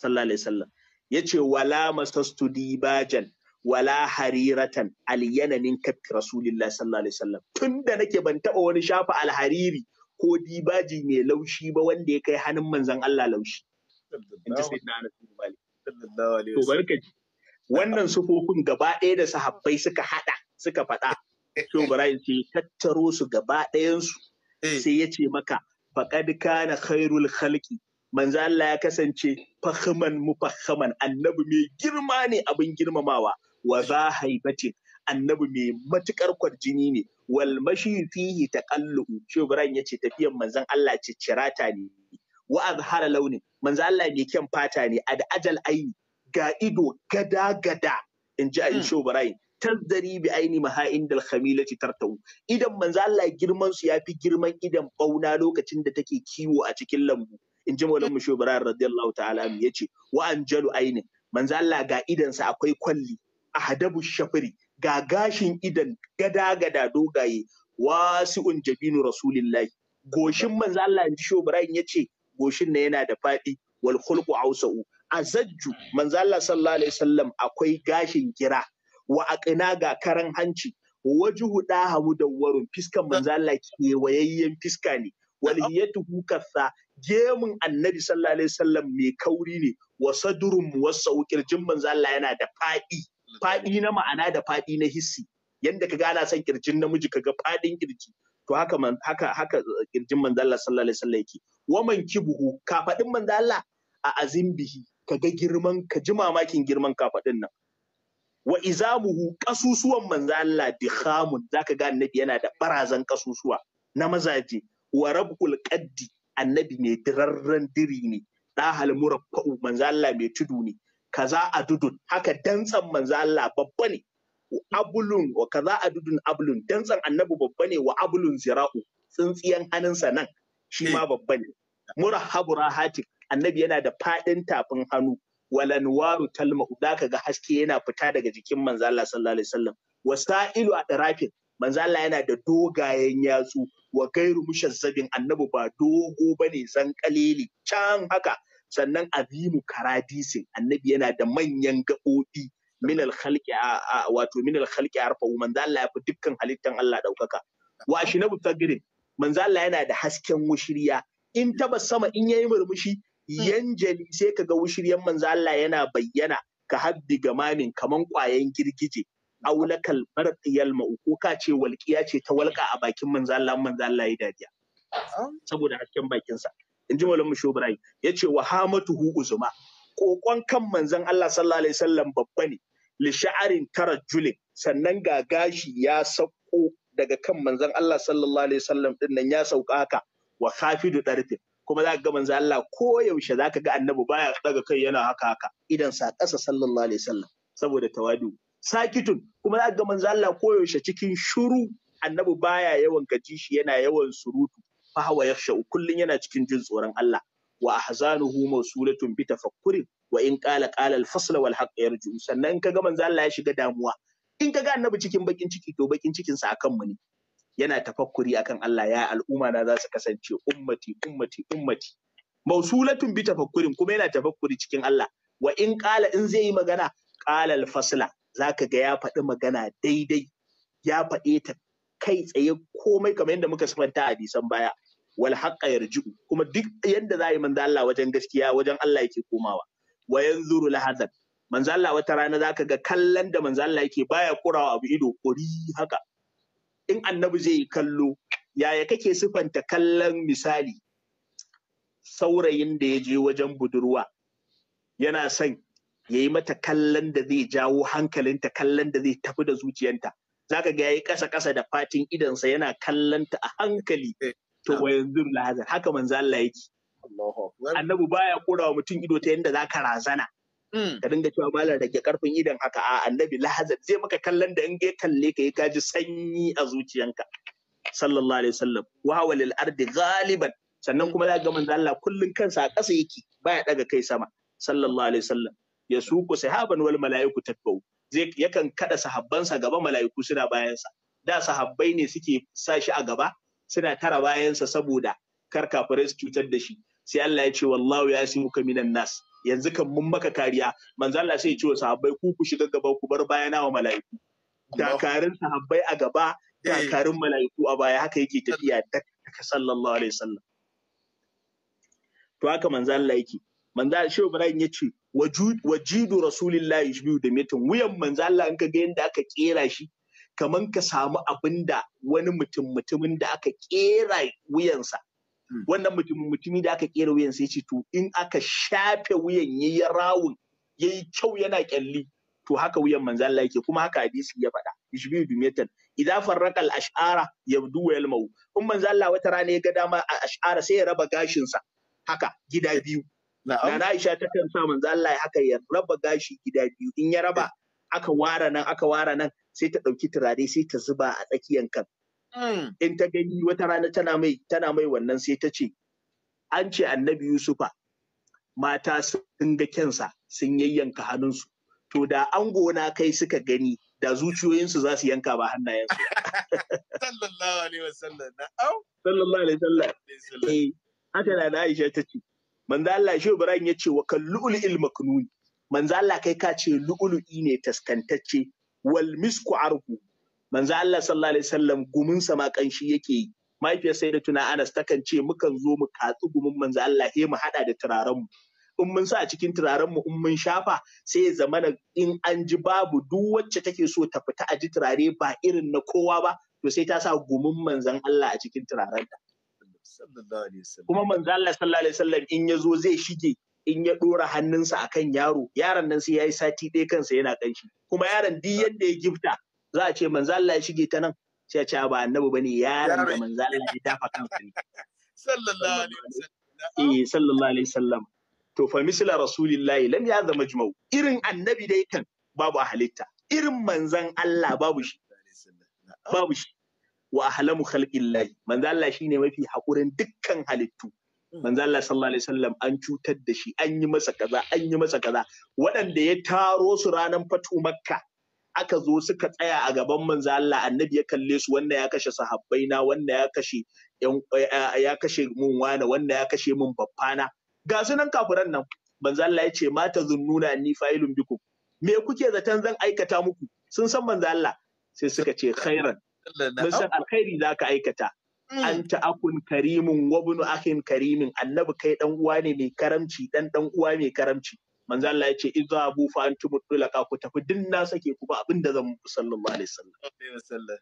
sallallahu alaihi wasallam yace wala masastu dibajan wala hariratan alyananin min kaffi rasulillahi sallallahu alaihi wasallam tunda nake ban taba wani shafa alhariri ko dibaji mai laushi ba wanda ya kai hannun manzon Allah laushi to barkaji wannan sufofin gaba ɗaya da sahabbai suka hada suka faɗa to ce tattaro su gaba ɗayan su eh. sai ya ce maka faqad kana khairul khalqi manzo Allah ya kasance fahiman mufahaman annabi mai girma ne abin girmamawa wa za haibatin annabi mai matukar kwarjini ne wal mashi fihi taqallu shi Ibrahim yace tafiyan manzon Allah ce cirata ne wa azhara launi manzo Allah mai kyan fata ne ad ajal aini ga ido gada gada in ji ayi hmm. shi Ibrahim tazdari bi aini maha indal khamilati tartau idan manzo Allah girman su yafi girman idan bauna lokacin da take kiwo a cikin lambu in ji maulan mushu birayar radiyallahu ta'ala ya ce wa jalu ainin manzo Allah ga idansa akwai kwalli hadabu shafiri ga gashin idan gada gada dogaye wasi'un jabinu rasulillahi goshin manzo Allah in ji shi ya ce goshin na yana da faɗi wal khulqu ausa'u zajju manzo Allah sallallahu alaihi wasallam akwai gashin gira wa aqina ga karan hanci wajuhu da hamu da warun fiskan manzo Allah kewayayyen fiska ne waliyatuhu kaffa gemun annabi sallallahu alaihi wasallam mai kauri ne wa sadurun wasu kirjin manzo Allah yana da faɗi faɗi na ma'ana da faɗi na hissi yanda ka gana san kirjin namiji ka ga faɗin kirji to haka man haka haka kirjin manzo Allah sallallahu alaihi wasallam yake wa man kibuhu kafadin manzo Allah a azimbihi ka ga girman ka ji mamakin girman kafadin nan wa izamuhu kasusuwan manzo Allah dikhamun zaka ga annabi yana da barazan kasusuwa na mazaje wa rabul qaddi annabi mai dirarren diri ne ɗahal hali manzo Allah mai tudu ne kaza a dudun haka dantsan manzo Allah babba ne abulun wa kaza a dudun abulun dantsan annabi babba ne wa abulun zira'u tsintsiyan hannunsa nan shi ma eh. babba ne murahabu rahatik annabi yana da faɗin tafin hannu walanwaru talma'u da ga haske yana fita daga jikin manzo Allah sallallahu alaihi wasallam wasailu a ɗarafin manzo Allah yana da dogayen yatsu wa gairu mushazzabin annabi ba dogo bane san kalili can haka sannan azimu karadisin annabi yana da manyan gaɓoɓi minal khalqi wato min khalqi arfa manzo Allah ya fi dukkan halittan Allah daukaka wa na tagrin manzo Allah yana da hasken wushiriya in taba sama in yayi murmushi hmm. yanjali sai kaga wushiryan manzo Allah yana bayyana ka haddi gamamin kaman kwayan girgije aulakal barqiyal ma'u ko ka ce walƙiya ce ta walƙa a bakin manzo Allah manzo Allah ya dariya saboda hasken bakin sa in ji malamu shubrai yace wa hamatuhu uzuma kokon kan manzon Allah sallallahu alaihi wasallam babba ne li sha'arin tarajjulin sannan ga gashi ya sauko daga kan manzon Allah sallallahu alaihi wasallam din nan ya sauka haka wa khafidu darfin kuma za ka ga manzo Allah ko yaushe za ka ga annabi baya daga kai yana haka haka idan sa ƙasa sallallahu alaihi wasallam saboda tawadu sakitun kuma za ga manzo Allah koyaushe cikin shuru annabi baya yawan gaji shi yana yawan surutu fa hawa yakhsha kullun yana cikin jin tsoron Allah wa ahzanuhu mawsulatun bi tafakkurin wa in qala qala al-fasl wal haqq yarju sannan kaga manzo Allah ya shiga damuwa in kaga annabi cikin bakin ciki to bakin cikin sa akan mu ne yana tafakkuri akan Allah ya al'umma na za su kasance ummati ummati ummati mausulatun bi tafakkurin kuma yana tafakkuri cikin Allah wa in qala in zai yi magana qala al-fasla za ka ga ya faɗi magana daidai ya faɗe ta kai tsaye komai kamar yadda muka sifanta a bisan baya wal haqqa yarji'u kuma duk yadda za a yi manzo Allah wajen gaskiya wajen Allah yake komawa wa yanzuru lahazan manzo Allah wata rana zaka ga kallon da manzo Allah yake baya kurawa abu ido kuri haka in annabi zai yi kallo yaya kake sifanta kallon misali saurayin da ya je wajen budurwa yana son ya yi mata kallon da zai jawo hankalinta kallon da zai tafi da zuciyanta zaka ga ya yi ƙasa ƙasa da fatin idansa yana kallonta a hankali eh, to wa yanzu lahazar haka manzo Allah yake annabi baya kura wa mutum ido ta yanda zaka razana hmm. ka dinga cewa malam ke karfin idon haka a annabi lahazar zai maka kallon da in ya kalle ka yi kaji sanyi a zuciyanka sallallahu alaihi wasallam wa hawalil ardi galiban sannan hmm. kuma za ga manzo Allah kullun kansa a ƙasa yake baya daga kai sama sallallahu alaihi wasallam ya suku sahaban wal mala'iku tatbau zai yakan kada sahabbansa gaba mala'iku suna bayansa da sahabbai ne suke sa shi a gaba suna tara bayansa saboda kar kafirai su cutar da shi sai Allah ya ce wallahu ya simu ka minan nas yanzu kan mun maka kariya manzo Allah sai ya ce wa sahabbai ku ku shiga gaba ku bar bayana wa mala'iku dakarin sahabbai a gaba dakarin eh. mala'iku a baya haka yake tafiya daga sallallahu alaihi wasallam to haka manzo Allah yake manzo Shehu Ibrahim ya ce wajidu rasulillahi biyu da metin wuyan manzo Allah in ka ga aka kera shi kaman ka samu abinda da wani mutum mutumin da aka kera wuyansa hmm. wannan mutum mutumi da aka kera wuyansa yace to in aka shafe wuyan yayi rawun yayi kyau yana kyalli to haka wuyan manzo Allah yake kuma haka hadisi ya faɗa ishbiu da metin idza farraqa al-ash'ara yabdu wa yalmau in manzo Allah wata rana ya ga dama ash'ara sai ya raba gashin sa haka gida biyu Nana Aisha ta kan sa manzo Allah haka ya raba gashi gida biyu in ya raba aka ware nan aka ware nan sai ta ɗauki turare sai ta zuba a tsakiyan kan. Hmm. In ta gani wata rana tana mai tana mai wannan sai ta ce an ce annabi Yusufa mata sun ga kyansa sun yayyanka hannunsu to da ango na kai suka gani da zuciyoyinsu za su yanka ba hannayensu. Sallallahu alaihi wasallam. Sallallahu alaihi wasallam. Eh, haka na Aisha ta ce manzo Allah shi Ibrahim ya ce wa kallul ilma kununi manzo Allah kai ka ce lu'ulu'i ne taskantacce wal misku arhu manzo Allah sallallahu alaihi wasallam gumin sa ma kanshi yake yi mahaifiyar sai da tuna Anas takan ce mukan zo mu katsu gumin manzo Allah he mu hada da turaren mu in mun sa a cikin turaren mu in mun shafa sai ya zamana in an ji babu duk wacce take so ta fita a ji turare ba irin na kowa ba to sai ta sa gumin manzon Allah a cikin turaren ta kuma manzo Allah sallallahu alaihi wasallam in ya zo zai shige in ya dora hannunsa akan yaro yaron nan sai yayi sati ɗaya kansa yana kanshi kuma yaron duk yadda ya gifta za a ce manzo Allah ya shige ta nan sai a ce ba annabi bane yaron da manzo Allah ya dafa kansa ne sallallahu alaihi wasallam eh sallallahu alaihi wasallam to fa misla rasulillahi lam ya zama jumau irin annabi dai kan babu halitta irin manzan Allah babu shi babu shi wa ahlamu khalqillahi manzo Allah shine mafi hakurin dukkan halittu hmm. manzo Allah sallallahu alaihi wasallam an cutar da shi an yi masa kaza an yi masa kaza waɗanda ya taro su ranar fatu makka aka zo suka tsaya a gaban manzo Allah annabi ya kalle su wanda ya kashe sahabbai na wanda ya kashe eh, ya kashe mun wani wanda ya kashe mun babbana ga sunan nan kafiran nan manzo Allah ya ce mata zunnuna ni fa'ilun biku. me kuke zaton zan aikata muku sun san manzo Allah sai suka ce khairan mun san alkhairi za ka aikata mm. anta akun Karimin, wa bunu karimin annabi kai dan uwa ne mai karamci dan dan uwa mai karamci manzo Allah ya ce idhabu fa antum tulaka ku tafi din na sake ku ba abin da zan muku sallallahu alaihi wasallam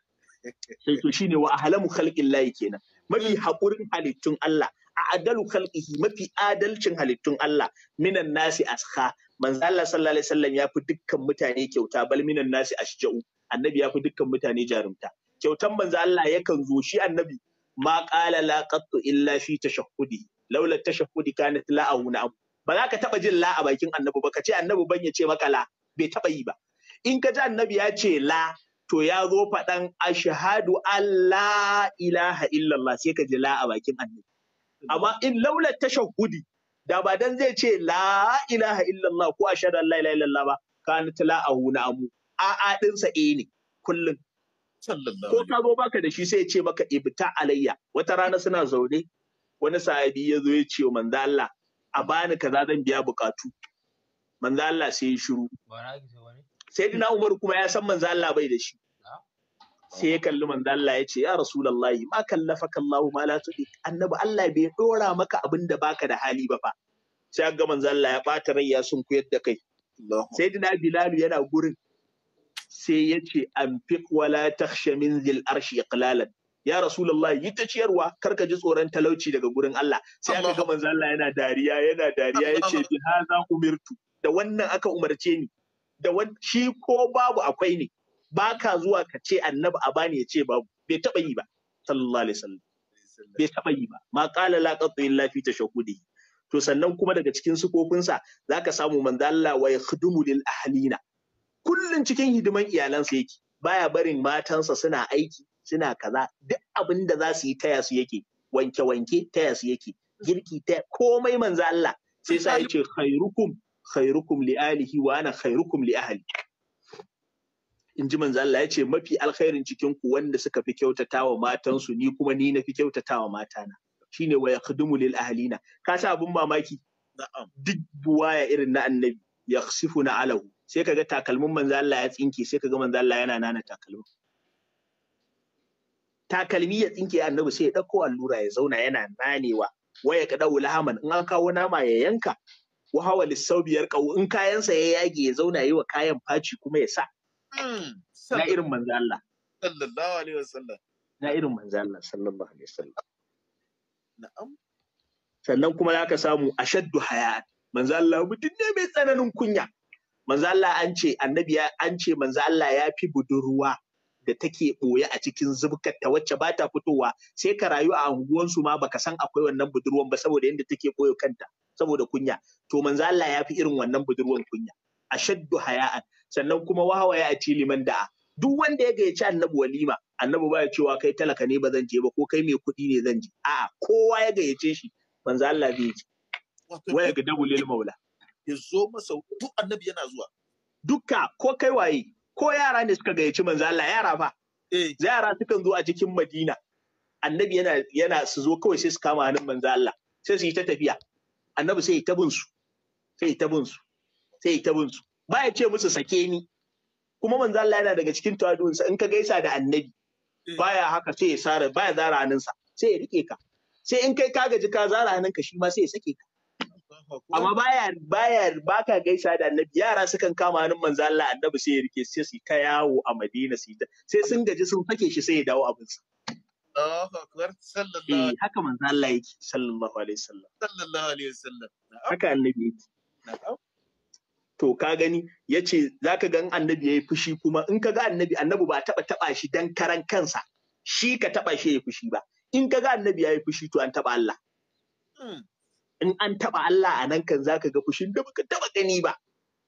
sai to shine wa ahlamu khalqillahi kenan mafi mm. hakurin halittun Allah a adalu khalqihi mafi adalcin halittun Allah minan nasi asha manzo Allah sallallahu alaihi wasallam ya fi dukkan mutane kyauta bal minan nasi asja'u annabi ya fi dukkan mutane jarumta kyautan manzo Allah yakan zo shi annabi ma qala la qattu illa fi tashahhudi laula tashahhudi kanat la auna ba za ka taba jin la a bakin annabi ba ka ce annabi ban ya ce maka la bai taba yi ba in ka ji annabi ya ce la to ya zo faɗan ashhadu alla ilaha illallah sai ka ji la a bakin annabi amma in laula tashahhudi da ba dan zai ce la ilaha illallah ko ashhadu an la ilaha illallah ba kana tala a huna amu a a dinsa eh ne kullum ko ka zo baka da shi sai ya ce maka ibta alayya wata rana suna zaune wani sahabi ya zo ya ce wa manzo Allah a bani kaza zan biya bukatu manzo Allah sai ya shiru sai dina Umar kuma ya san manzo Allah bai da shi sai ya kalli manzo Allah ya ce ya rasulullahi ma kallafaka Allah ma la tudi annabi Allah bai dora maka abin da baka da hali ba fa sai ga manzo Allah ya bata rai ya sun kuyar da kai sai dina Bilal yana gurin sai ya ce an wala takhsha min zil arshi iqlalan ya rasulullah yi ta ciyarwa karka ji tsoron talauci daga gurin Allah sai aka ga manzo Allah yana dariya yana dariya yace bi hadha umirtu da wannan aka umarce ni da shi ko babu akwai ne baka zuwa ka ce annabi a bani ya ce babu bai taba yi ba sallallahu alaihi wasallam bai taba yi ba ma qala la qatu illa fi tashahhudihi to sannan kuma daga cikin sukofinsa zaka samu manzo Allah wa yakhdumu lil ahlina kullum cikin hidiman iyalansa yake baya barin matansa suna aiki suna kaza duk abin da za su yi taya su yake wanke wanke taya su yake girki ta komai manzo Allah sai sa yace khairukum khairukum li alihi wa ana khairukum li ahli in ji manzo Allah yace mafi alkhairin cikin ku wanda suka fi kyautatawa matansu ni kuma ni na fi kyautatawa matana shine wa yakhdumu lil ahlina ka sa abun mamaki duk buwaya irin na annabi yakhsifuna alahu sai kaga takalmin manzo Allah ya tsinke sai kaga manzo Allah yana nana takalmin takalmi ya tsinke annabi sai ya dauko allura ya zauna yana nanewa waya ka dawo lahaman in an kawo nama ya yanka wa hawa lissau biyar kawo in kayansa ya yage ya zauna yi wa kayan faci kuma ya sa hmm, na irin manzo Allah sallallahu alaihi wasallam na irin manzo Allah sallallahu alaihi wasallam na'am sannan kuma zaka samu ashaddu haya manzo Allah mutum ne mai tsananin kunya manzo Allah an ce annabi ya an ce manzo Allah ya fi budurwa da take ɓoye a cikin zubkar ta wacce ba ta fitowa sai ka rayu a unguwansu ma baka san akwai wannan budurwan ba saboda yadda take ɓoye kanta saboda kunya to manzo ya fi irin wannan budurwan kunya a ashaddu haya'an sannan kuma wahawaya a cili liman da'a duk wanda ya gayyaci annabi walima annabi ba ya cewa kai talaka ne ba zan je ba ko kai mai kuɗi ne zan je a'a kowa ya gayyace shi manzo Allah zai je waya ga dabulil maula ya zo masa duk annabi yana zuwa Dukka ko kai waye ko yara ne suka gayyaci manzo Allah yara fa eh yara sukan zo a cikin Madina annabi yana yana su zo kawai sai su kama hannun manzo Allah sai su yi ta tafiya annabi sai ya tabin su sai ya tabin su sai ya tabin su ba ya ce musu sake ni kuma manzo Allah yana daga cikin sa in ka gaisa da annabi eh. baya haka sai ya sare baya zara hannunsa sai ya rike ka sai in kai ka gaji ka zara hannunka shi ma sai ya sake ka amma baya baya baka gaisa da annabi yara sukan kama hannun manzo Allah annabi sai ya rike sai su ka yawo a Madina sai sai sun gaji sun fake shi sai ya dawo abin sa Allahu eh, haka manzo Allah yake sallallahu alaihi wasallam sallallahu alaihi wasallam haka annabi yake to ka gani yace zaka ga annabi yayi fushi kuma in ka ga annabi annabi ba taba taba shi dan karan kansa shi ka taba shi yayi fushi ba in ka ga annabi yayi fushi to an taba Allah hmm. in an taba Allah a nan kan zaka ga fushin da baka taba gani ba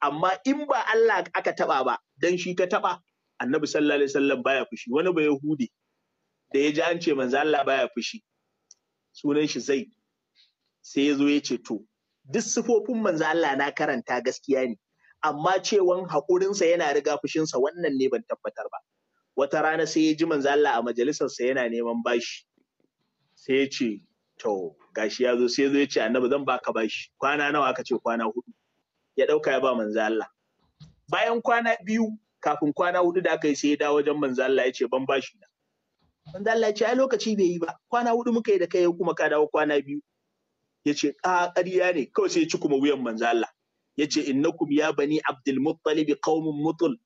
amma in ba Allah aka taba ba dan shi ka taba annabi sallallahu alaihi wasallam baya fushi wani ba yahudi da ya ji an ce manzo Allah baya fushi sunan shi zai sai ya zo ya ce to duk sifofin manzo Allah na karanta gaskiya ne amma cewan haƙurinsa yana riga fushinsa wannan ne ban tabbatar ba wata rana sai ya ji manzo Allah a majalisarsa yana neman bashi sai ya ce to gashi ya zo sai zo ya ce annabi zan baka bashi kwana nawa aka ce kwana hudu ya dauka ya ba manzo Allah bayan kwana biyu kafin kwana hudu da aka yi sai ya dawo wajen manzo Allah ya ce ban bashi na manzo Allah ya ce ai lokaci bai yi ba kwana hudu muka yi da kai kuma ka dawo kwana biyu ya ce a ƙarya ne kawai sai ya ci kuma wuyan manzo Allah ya ce innakum ya bani abdul muttalib qaumun mutul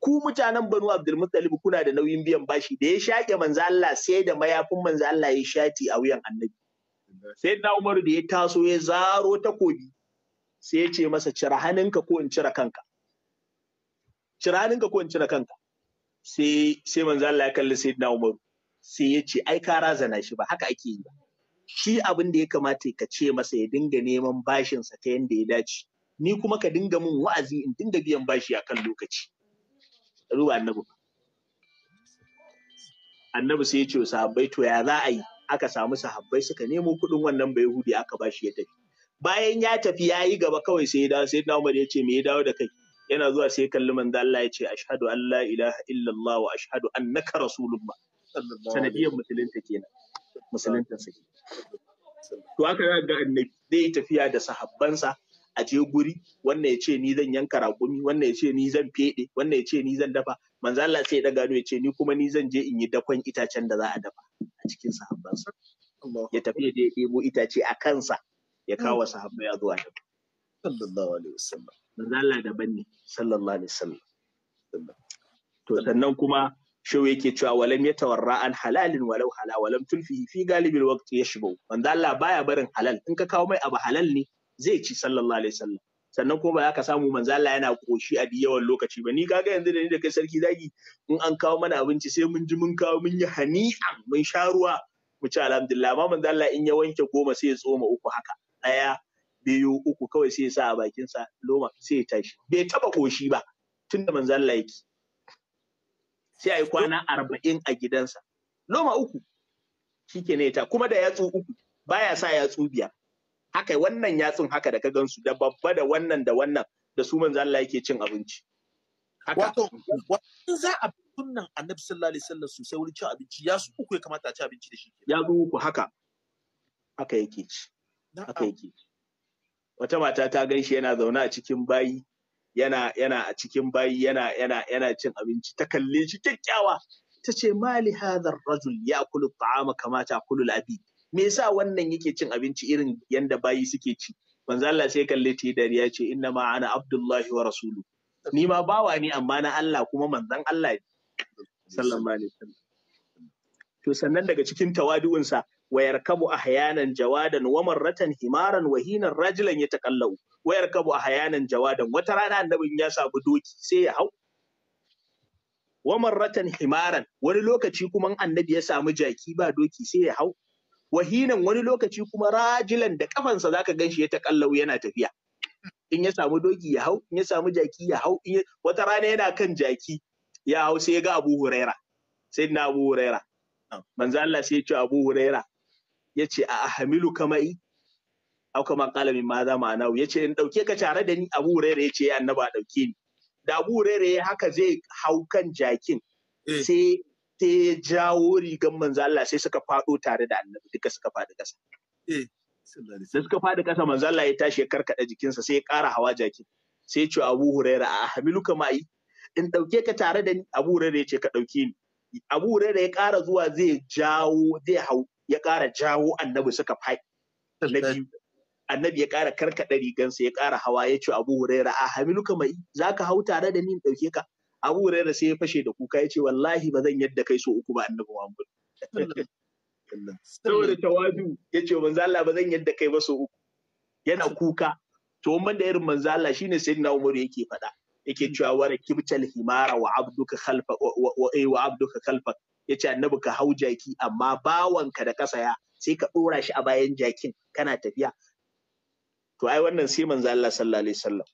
ku mutanen banu abdul muttalib kuna da nauyin biyan bashi da ya shaƙe manzo Allah sai da mayafin manzo Allah ya shati a wuyan annabi sai na umaru da ya taso ya zaro ta kogi sai ya ce masa cira hannunka ko in cira kanka cira hannunka ko in cira kanka sai sai manzo Allah ya kalli sai na umaru sai ya ce ai ka razana shi ba haka ake yi ba shi abin da ya kamata ka ce masa ya dinga neman bashin sa ta yanda ya dace ni kuma ka dinga min wa'azi in dinga biyan bashi akan lokaci ruwa annabi annabi sai ya ce sahabbai to ya za a yi aka samu sahabbai suka nemo kuɗin wannan bai hudi aka bashi ya tafi bayan ya tafi ya yi gaba kawai sai ya dawo sai na umar ya ce me ya dawo da kai yana zuwa sai kalli manzo Allah ya ce ashhadu an la ilaha illallah wa ashhadu annaka rasulullah sanadiyar musulunta kenan musulunta sai to haka ga ga annabi zai tafiya da sahabbansa a je guri wannan ya ce ni zan yanka raƙumi wannan ya ce ni zan feɗe wannan ya ce ni zan dafa manzo Allah sai ya daga ya ce ni kuma ni zan je in yi dakon itacen da za a dafa a cikin sahabbansa ya tafi ya ɗebo itace a kansa ya kawo sahabba ya zuwa da sallallahu alaihi wasallam manzo Allah daban ne sallallahu alaihi wasallam to sannan kuma shau yake cewa walam ya tawarra an halalin walau hala walam tulfi fi galibil waqti yashbu manzo Allah baya barin halal in ka kawo mai abu halal ne zai ci sallallahu alaihi wasallam sannan kuma ba za ka samu manzala yana koshi a yawan lokaci ba ni kaga yanzu da ni da kai sarki zagi in an kawo mana abinci sai mun ji mun kawo mun yi hani'a mun sha ruwa mu ci alhamdulillah amma manzala in ya wanke goma sai ya tsoma uku haka ɗaya biyu uku kawai sai ya sa a bakinsa loma sai ya tashi bai taba koshi ba tunda manzala yake sai a kwana arba'in a gidansa loma uku shike ne ta kuma da yatsu uku baya sa yatsu biya. haka wannan yatsun haka da ka gansu da babba da wannan da wannan da su manzo Allah yake cin abinci wato in za a sunnan annabi sallallahu alaihi wasallam sosai wurin cin abinci ya su uku ya kamata a ci abinci da shi ya zo uku haka haka yake ci haka yake ci wata mata ta ganshi yana zaune a cikin bayi yana yana a cikin bayi yana yana yana cin abinci ta kalle shi kyakkyawa ta ce mali hadhar rajul ya kulu ta'ama kamata kulu labi me yasa wannan yake cin abinci irin yanda bayi suke ci manzo Allah sai kalle ta dariya ce inna ma ana abdullahi wa rasulu ni ma bawa ne amma na Allah kuma manzon Allah sallallahu alaihi wasallam to sannan daga cikin tawadu'unsa wayar kabu a hayanan jawadan wa marratan himaran wa hinan rajulan ya takallau wayar kabu a hayanan jawadan wata rana annabin ya sabu doki sai ya hau wa marratan himaran wani lokaci kuma annabi ya samu jaki ba doki sai ya hau wahinan wani lokaci kuma rajilan da kafansa zaka gan shi ya taƙallau yana tafiya in ya samu doki ya hau in ya samu jaki ya hau wata rana yana kan jaki ya hau sai ya ga Abu Huraira sai na Abu Huraira manzo Allah sai ya ce Abu Huraira ya ce a ahamilu kama'i au kama kala min ma za ma'ana ya ce in dauke ka tare da ni Abu Huraira ya ce ya annaba dauke ni da Abu Huraira haka zai hau kan jakin eh. sai ta jawo rigan manzo Allah sai suka faɗo tare da annabi duka suka faɗi ƙasa. Eh, sai suka faɗi ƙasa manzo Allah ya tashi ya karkaɗa jikinsa sai ya ƙara hawa jaki. Sai ya ce Abu Huraira a hamiluka ma'i in ɗauke ka tare da ni Abu Huraira ya ce ka ɗauke ni. Abu Huraira ya ƙara zuwa zai jawo zai hau ya ƙara jawo annabi suka faɗi. Annabi ya ƙara karkaɗa rigansa ya ƙara hawa ya ce Abu Huraira a hamiluka ma'i za ka hau tare da ni in ɗauke ka. Abu Huraira sai ya fashe da kuka ya ce wallahi ba zan yadda kai so uku ba annabi Muhammad. Saboda tawadu ya ce manzala ba zan yadda kai ba so uku. Yana kuka. To wannan da irin manzala shine sai na Umaru yake faɗa. Yake cewa wa rakibtal himara wa abduka khalfa wa wa eh, abduka khalfa ce annabi ka hau jaki amma bawanka da ka saya sai ka ɗora shi a bayan jakin kana tafiya to ai wannan sai Manzala sallallahu alaihi wasallam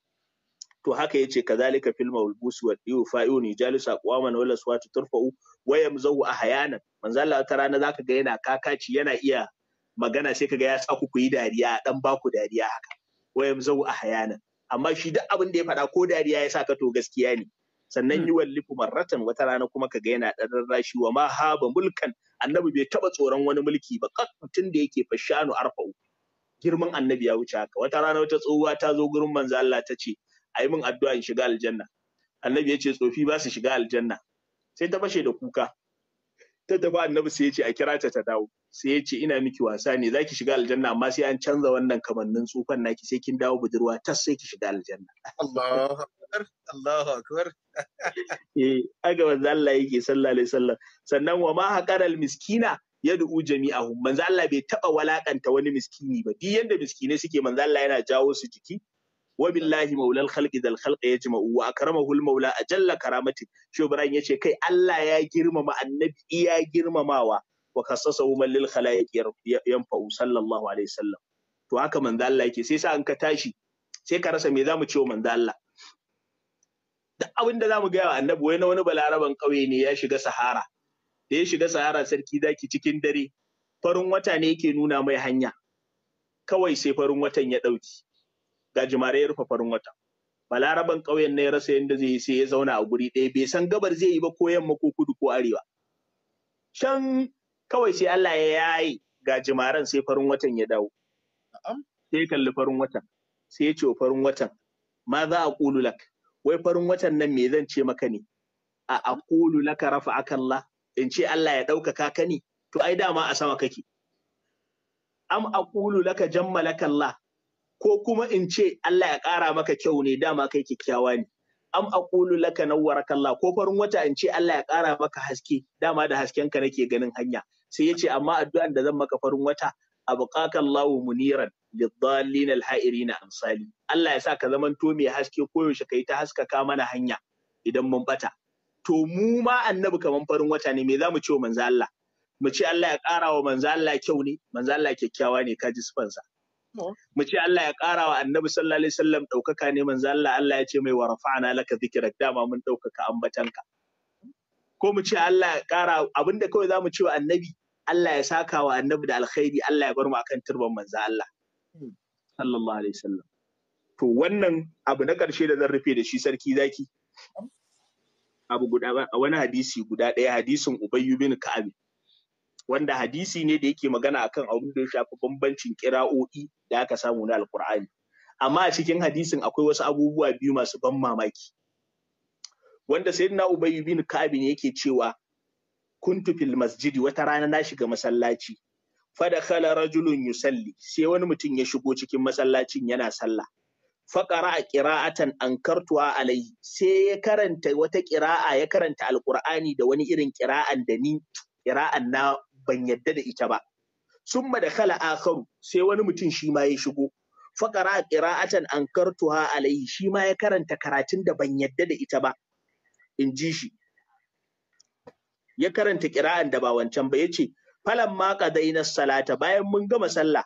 to haka yace kazalika fil mawlbus wa diu fa'iu ni jalisu aqwaman wala suwatu turfa'u wa yamzahu ahyana manzo Allah ta rana zaka ga yana kakaci yana iya magana sai kaga ya sa ku yi dariya dan ba ku dariya haka wa yamzahu ahyana amma shi duk abin da ya faɗa ko dariya ya saka to gaskiya ne sannan hmm. yi wallifu marratan wata rana kuma kaga yana dan rarrashi wa ma haba mulkan annabi bai taba tsoron wani mulki ba tun da yake fashanu arfa'u girman annabi ya wuce haka wata rana wata tsohuwa ta zo gurin manzo Allah ta ce a yi min addu'a in shiga aljanna annabi yace tsofi ba su shiga aljanna sai ta bashe da kuka ta tafi annabi sai ya ce a kira ta ta dawo sai ya ce ina miki wasa ne zaki shiga aljanna amma sai an canza wannan kamannin tsufan naki sai kin dawo budurwa tas sai ki shiga aljanna Allahu akbar Allahu akbar eh aga wanda Allah yake sallallahu alaihi wasallam sannan wa ma haqaral miskina yad'u jami'ahum manzo Allah bai taba walakanta wani miskini ba duk yanda miskinai suke manzo Allah yana jawo su jiki Wabillahi billahi maulal khalqi dal khalqa yajma'u wa akramahu al maula ajalla karamati shi ya ce kai Allah ya girmama annabi iya girmamawa wa kassasahu man lil khalaiq yanfa'u sallallahu alaihi wasallam to haka manzo Allah yake sai sa an ka tashi sai ka rasa me zamu ce wa manzo Allah duk abin da zamu gaya wa annabi wai na wani balaraban ƙauye ne ya shiga sahara da ya shiga sahara sarki zaki cikin dare farin wata ne yake nuna mai hanya kawai sai farin watan ya ɗauki gajimare ya rufe farin wata balaraban ƙauyen na ya rasa yadda zai yi sai ya zauna a guri ɗaya bai san gabar zai yi ba ko yamma ko kudu ko arewa can kawai sai Allah ya yayi gajimaren sai farin watan ya dawo sai kalli farin watan sai ya ce farin watan ma za a ƙulu lak wai farin watan nan me zan ce maka ne a ƙulu laka rafa La, in ce Allah ya ɗaukaka ka ne to ai dama a sama kake am ƙulu laka jammalaka La. ko kuma in ce Allah ya ƙara maka kyau ne dama kai kyakkyawa ne am ƙulu laka warakalla ko farin wata in ce Allah ya ƙara maka haske dama da haskenka nake ganin hanya sai ya ce amma addu'an da zan maka farin wata a lawo muniran alha'iri na amsali Allah ya sa ka zamanto mai haske koyaushe kai ta haskaka mana hanya idan mun bata to mu ma annabi kaman farin wata ne me za mu ce wa manzo Allah mu ce Allah ya ƙara wa manzo Allah kyau ne manzo Allah kyakkyawa ne ka ji sifansa mu ce Allah ya ƙara wa annabi sallallahu alaihi wasallam ɗaukaka ne manzo Allah Allah ya ce mai wa rafa'ana laka dhikrak dama mun ɗaukaka ambatanka ko mu ce Allah ya ƙara abinda kawai zamu ce wa annabi Allah ya saka wa annabi da alkhairi Allah ya bar mu akan turban manzo Allah sallallahu alaihi wasallam to wannan abu na ƙarshe da zan rufe da shi sarki zaki abu guda wani hadisi guda ɗaya hadisin ubayyu bin ka'abi wanda hadisi ne da yake magana akan abin da ya shafi bambancin kira'o'i da aka samu na alkur'ani amma a cikin hadisin akwai wasu abubuwa biyu masu ban mamaki wanda na ubay bin ka'ab ne yake cewa kuntu fil masjidi wata rana na shiga masallaci fadakhala rajulun yusalli sai wani mutum ya shigo cikin masallacin yana sallah faƙara a ƙira'atan an kartuwa sai ya karanta wata ƙira'a ya karanta alƙur'ani da wani irin ƙira'an da ni qira'an na ban yadda da ita ba sun da kala akaru sai wani mutum shi ma ya shigo faƙara ƙira'atan an kartuha alaihi shi ma ya karanta karatun da ban yadda da ita ba in ji shi ya karanta ƙira'an da ba wancan ba ya ce falan ma ƙadaina salata bayan mun gama sallah